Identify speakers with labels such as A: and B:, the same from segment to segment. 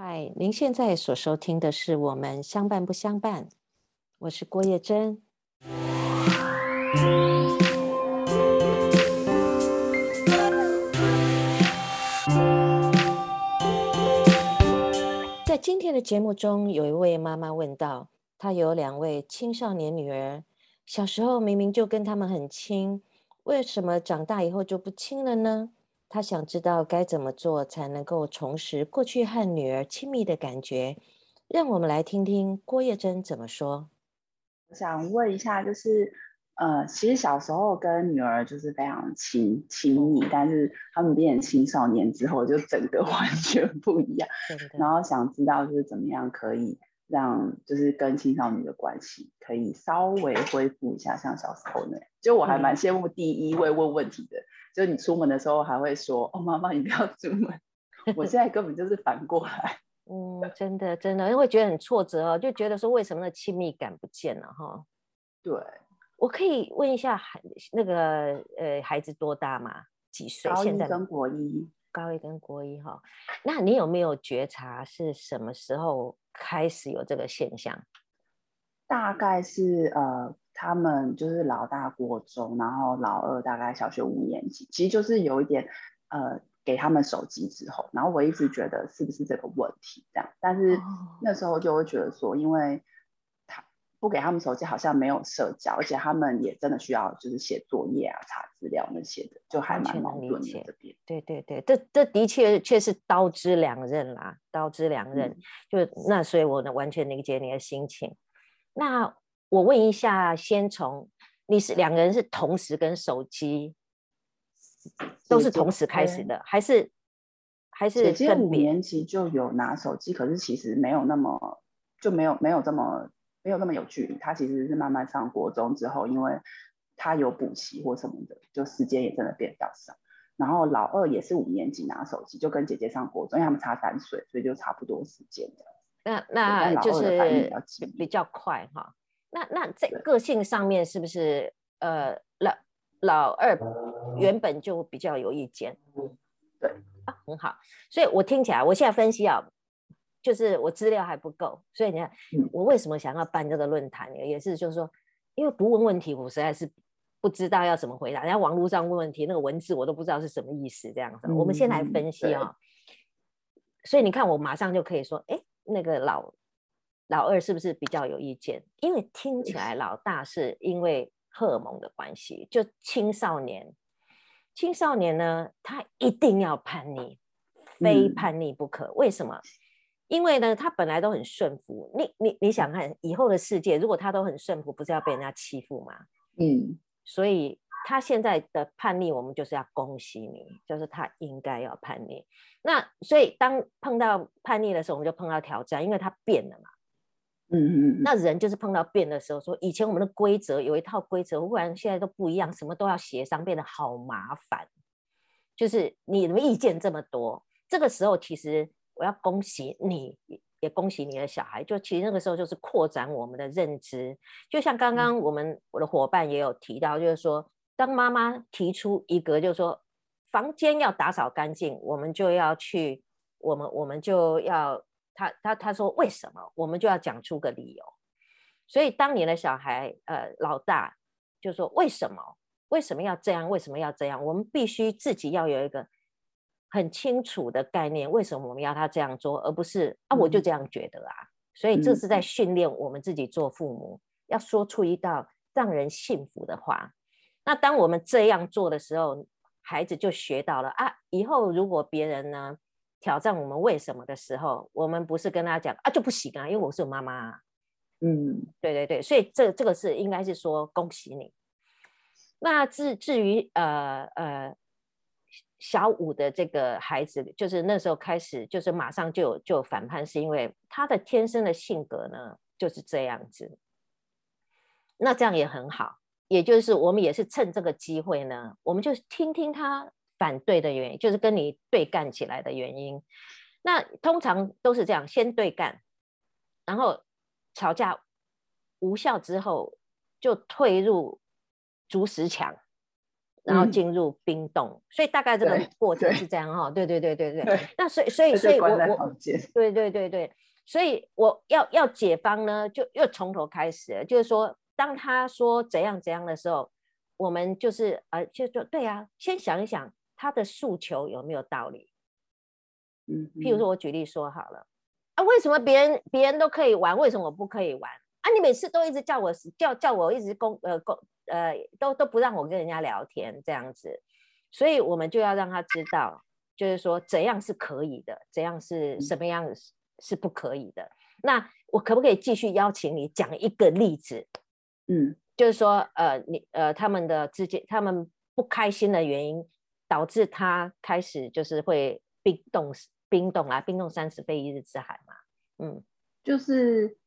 A: 嗨，您現在所收聽的是我們相伴不相伴，我是郭葉珍。在今天的節目中，有一位媽媽問到，她有兩位青少年女兒，小時候明明就跟她們很親，為什麼長大以後就不親了呢？他想知道該怎麼做才能夠重拾過去和女兒親密的感覺。讓我們來聽聽郭葉珍怎麼說。我想問一下，就是，呃，其實小時候跟女兒就是非常親親
B: 密，但是他們變成青少年之後就整個完全不一樣。對對對。然後想知道就是怎麼樣可以讓就是跟青少年的關係可以稍微恢復一下，像小時候那樣。就我還蠻羨慕第一位問問題的。就你出門的時候還會說：“哦，媽媽，你不要出門。”我現在根本就是反過
A: 來。 嗯，真的，真的，因為會覺得很挫折哦，就覺得說為什麼那親密感不見了哈？對，我可以問一下孩那個呃孩子多大嗎？幾歲？現在跟國一，高一跟國一哈。那你有沒有覺察是什麼時候開始有這個現象？
B: 大概是呃。他們就是老大國中，然後老二大概小學五年級，其實就是有一點，呃，給他們手機之後，然後我一直覺得是不是這個問題這樣，但是那時候就會覺得說，因為他不給他們手機，好像沒有社交，而且他們也真的需要就是寫作業啊、查資料那些的，就還蠻
A: 矛盾的這。這邊對對對，這這的確確是刀之兩刃啦，刀之兩刃，嗯、就那所以，我能完全理解你的心情。那。我問一下先從，先從你是兩個人是同時跟手機，
B: 都是同時開始的，
A: 還是還是？姐姐五年
B: 級就有拿手機，可是其實沒有那麼就沒有沒有這麼沒有那麼有距離。他其實是慢慢上國中之後，因為他有補習或什麼的，就時間也真的變得比較少。然後老二也是五年級拿手機，就跟姐姐上國中，因為他們差三歲，所以就差不多時間這樣子。那
A: 那老二的反應比，較、就是、比較快，比較快哈。那那在個性上面是不是呃老老二，原本就比較有意見？對啊，很好。所以我聽起來，我現在分析啊、哦，就是我資料還不夠。所以你看，我為什麼想要辦這個論壇呢？也是就是說，因為不問問題，我實在是不知道要怎麼回答。人家網絡上問問題，那個文字我都不知道是什麼意思。這樣子、嗯，我們先來分析啊、哦。所以你看，我馬上就可以說，哎、欸，那個老。老二是不是比較有意見？因為聽起來老大是因為荷爾蒙的關係，就青少年，青少年呢，他一定要叛逆，非叛逆不可。嗯，為什麼？因為呢，他本來都很順服。你你你想看以後的世界，如果他都很順服，不是要被人家欺負嗎？嗯。所以他現在的叛逆，我們就是要恭喜你，就是他應該要叛逆。那所以當碰到叛逆的時候，我們就碰到挑戰，因為他變了嘛。嗯嗯嗯，那人就是碰到變的時候，說以前我們的規則有一套規則，忽然現在都不一樣，什麼都要協商，變得好麻煩。就是你們意見這麼多，這個時候其實我要恭喜你，也恭喜你的小孩。就其實那個時候就是擴展我們的認知，就像剛剛我們我的伙伴也有提到，就是說當媽媽提出一個，就是說房間要打掃乾淨，我們就要去，我們我們就要。他他他說為什麼我們就要講出個理由？所以當年的小孩，呃，老大就說為什麼為什麼要這樣？為什麼要這樣？我們必須自己要有一個很清楚的概念，為什麼我們要他這樣做，而不是啊我就這樣覺得啊。所以這是在訓練我們自己做父母，要說出一道讓人信服的話。那當我們這樣做的時候，孩子就學到了啊。以後如果別人呢？挑戰我們為什麼的時候，我們不是跟他講啊就不行啊，因為我是我媽媽。嗯，對對對，所以這這個是應該是說恭喜你。那至至於呃呃，小五的這個孩子，就是那時候開始，就是馬上就就反叛，是因為他的天生的性格呢，就是這樣子。那這樣也很好，也就是我們也是趁這個機會呢，我們就聽聽他。反對的原因就是跟你對幹起來的原因，那通常都是這樣，先對幹，然後吵架無效之後就退入竹石牆，然後進入冰凍，嗯、所以大概這個過程是這樣哈、哦。對對對對對。那所以所以所以我，來我對對對對，所以我要要解方呢，就又從頭開始，就是說，當他說怎樣怎樣的時候，我們就是啊，就說對啊，先想一想。他的訴求有沒有道理？嗯，譬如說我舉例說好了，啊，為什麼別人別人都可以玩，為什麼我不可以玩？啊，你每次都一直叫我叫叫我一直公呃公呃，都都不讓我跟人家聊天這樣子，所以我們就要讓他知道，就是說怎樣是可以的，怎樣是什麼樣子是不可以的。那我可不可以繼續邀請你講一個例子？嗯，就是說呃你呃他們的之間他們不開心的原因。導致他開始就是會冰凍，冰凍啊，冰凍三尺非一日之寒嘛。嗯，
B: 就是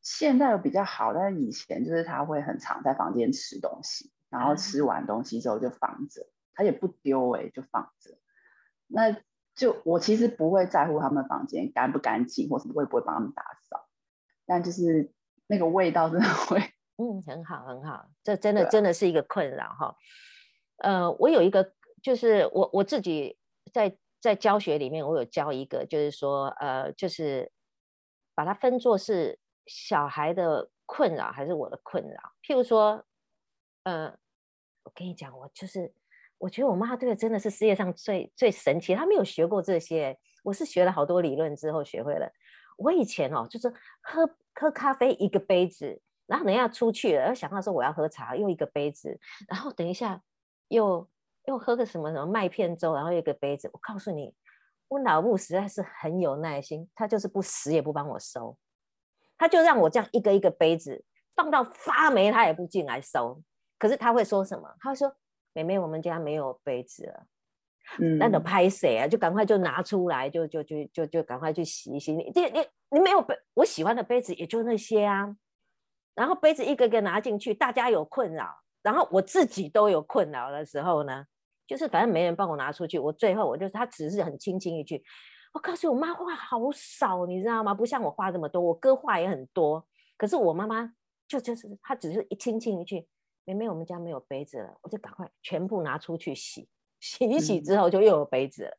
B: 現在比較好，但是以前就是他會很常在房間吃東西，然後吃完東西之後就放着，嗯、他也不丟哎、欸，就放着。那就我其實不會在乎他們房間乾不乾淨，或者會不會幫他們打掃，
A: 但就是那個味道真的會，嗯，很好很好，這真的真的是一個困擾哈、哦。呃，我有一個。就是我我自己在在教學裡面，我有教一個，就是說，呃，就是把它分作是小孩的困擾還是我的困擾。譬如說，呃，我跟你講，我就是我覺得我媽這個真的是世界上最最神奇，她沒有學過這些，我是學了好多理論之後學會了。我以前哦，就是喝喝咖啡一個杯子，然後等一下出去了，然後想到說我要喝茶，又一個杯子，然後等一下又。又喝個什麼什麼麥片粥，然後一個杯子。我告訴你，我老母實在是很有耐心，他就是不死也不幫我收，他就讓我這樣一個一個杯子放到發霉，他也不進來收。可是他會說什麼？他會說：“妹妹，我們家沒有杯子了。”嗯，那你拍誰啊？就趕快就拿出來，就就就就就趕快去洗一洗。你你你沒有杯，我喜歡的杯子也就那些啊。然後杯子一個一個拿進去，大家有困擾，然後我自己都有困擾的時候呢。就是反正沒人幫我拿出去，我最後我就，他只是很輕輕一句，我告訴我媽話好少，你知道嗎？不像我話這麼多，我哥話也很多，可是我媽媽就就是他只是一輕輕一句，妹妹，我們家沒有杯子了，我就趕快全部拿出去洗，洗一洗之後就又有杯子了，嗯、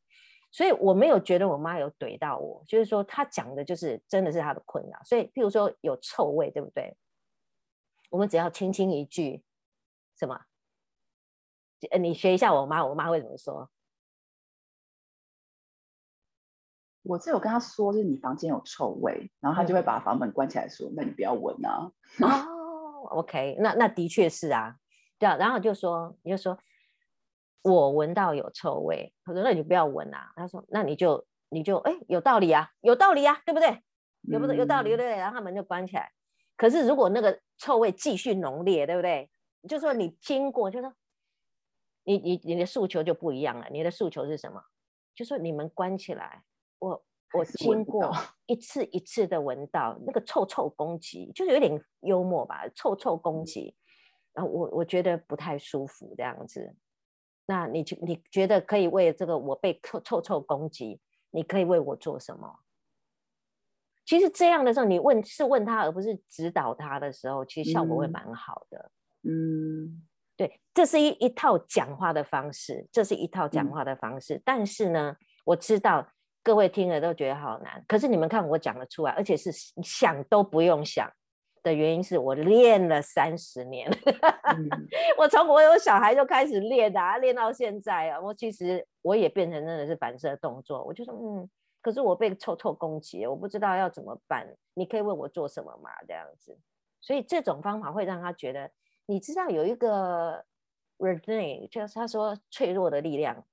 A: 所以我沒有覺得我媽有懟到我，就是說他講的就是真的是他的困擾，所以譬如說有臭味對不對？我們只要輕輕一句，什麼？呃，你學一下我媽，我媽會怎麼說？
B: 我只有跟她說，就是你房間
A: 有臭味，然後她就會把房門關起來說，嗯啊哦 okay, 啊、說，說，說：“那你不要聞啊。”哦，OK，那那的確是啊，這樣，然後就說你就說，我聞到有臭味，她說：“那你不要聞啊。”她說：“那你就你就哎、欸，有道理啊，有道理啊，對不對？
B: 有不有道理？嗯、對不對，對？”
A: 然後門就關起來。可是如果那個臭味繼續濃烈，對不對？就說你經過，就說。你你你的訴求就不一樣了。你的訴求是什麼？就是、說你們關起來，我我經過一次一次的聞到那個臭臭攻擊，就是有點幽默吧，臭臭攻擊。然、嗯、後、啊、我我覺得不太舒服這樣子。那你你覺得可以為這個我被臭臭臭攻擊，你可以為我做什麼？其實這樣的時候，你問是問他而不是指導他的時候，其實效果會蠻好的。嗯。嗯。對，這是一一套講話的方式，這是一套講話的方式。嗯、但是呢，我知道各位聽了都覺得好難。可是你們看我講得出來，而且是想都不用想的原因是我練了三十年，嗯、 我從我有小孩就開始練的、啊，練到現在啊。我其實我也變成真的是反射動作，我就說嗯，可是我被臭臭攻擊，我不知道要怎麼辦。你可以為我做什麼嘛，這樣子。所以這種方法會讓他覺得。你知道有一個 Retine, 就是他說脆弱的力量，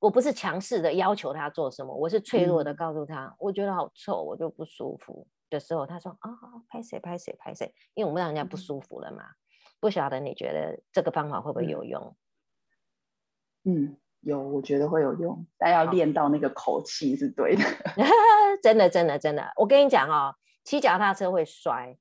A: 我不是強勢的要求他做什麼，我是脆弱的告訴他，嗯，我覺得好臭，我就不舒服，嗯、的時候，他說啊，拍謝拍謝拍謝，因為我們讓人家不舒服了嘛。不曉得你覺得這個方法會不會有用？
B: 嗯，有，我覺得會有用，但要練到那個口氣是對的。
A: 真的真的真的，我跟你講哦，騎腳踏車會摔。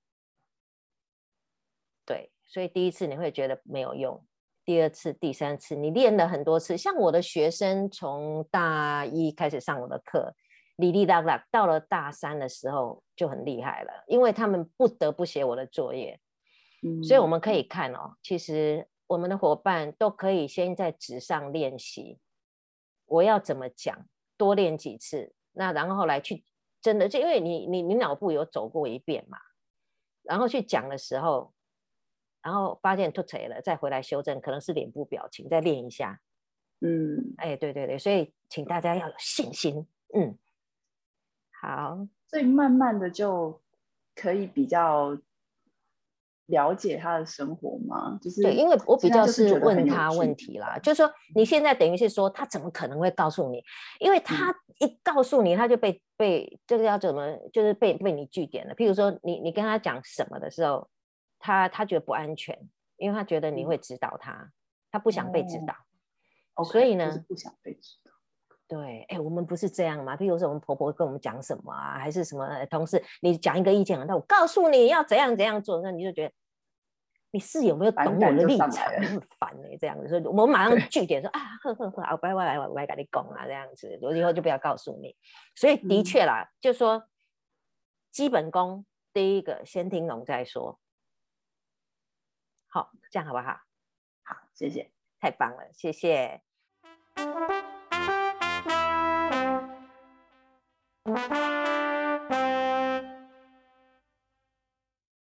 A: 對，所以第一次你會覺得沒有用，第二次、第三次，你練了很多次。像我的學生從大一開始上我的課，裡裡拉拉，到了大三的時候就很厲害了，因為他們不得不寫我的作業。嗯、所以我們可以看哦，其實我們的伙伴都可以先在紙上練習，我要怎麼講，多練幾次，那然後後來去真的，就因為你你你腦部有走過一遍嘛，然後去講的時候。然後發現脫腿了，再回來修正，可能是臉部表情，再練一下。嗯，哎，對對對，所以請大家要有信心。嗯，
B: 好，所以慢慢的就可以比較了解他的生活嘛。就是，就是，對，因為我比較是問他問題啦，
A: 嗯、就是說你現在等於是說他怎麼可能會告訴你？因為他一告訴你，他就被被這個要怎麼，就是被被你句點了。譬如說你，你你跟他講什麼的時候。他他覺得不安全，因為他覺得你會指導他。嗯、他不想被指導。哦、嗯，所以呢，以就是、不想被指導。對，哎、欸，我們不是這樣嗎？比如說，我們婆婆跟我們講什麼啊，還是什麼、欸、同事，你講一個意見，那我告訴你要怎樣怎樣做，那你就覺得你是有沒有懂我的立場？ 很煩呢、欸，這樣子，所以我們馬上句點說啊，呵呵呵，來我不要拜我不要跟你講啊，這樣子，我以後就不要告訴你。所以的確啦、嗯，就說基本功，第一個先聽懂再說。好，這樣好不好？好，謝謝。太棒了，謝謝。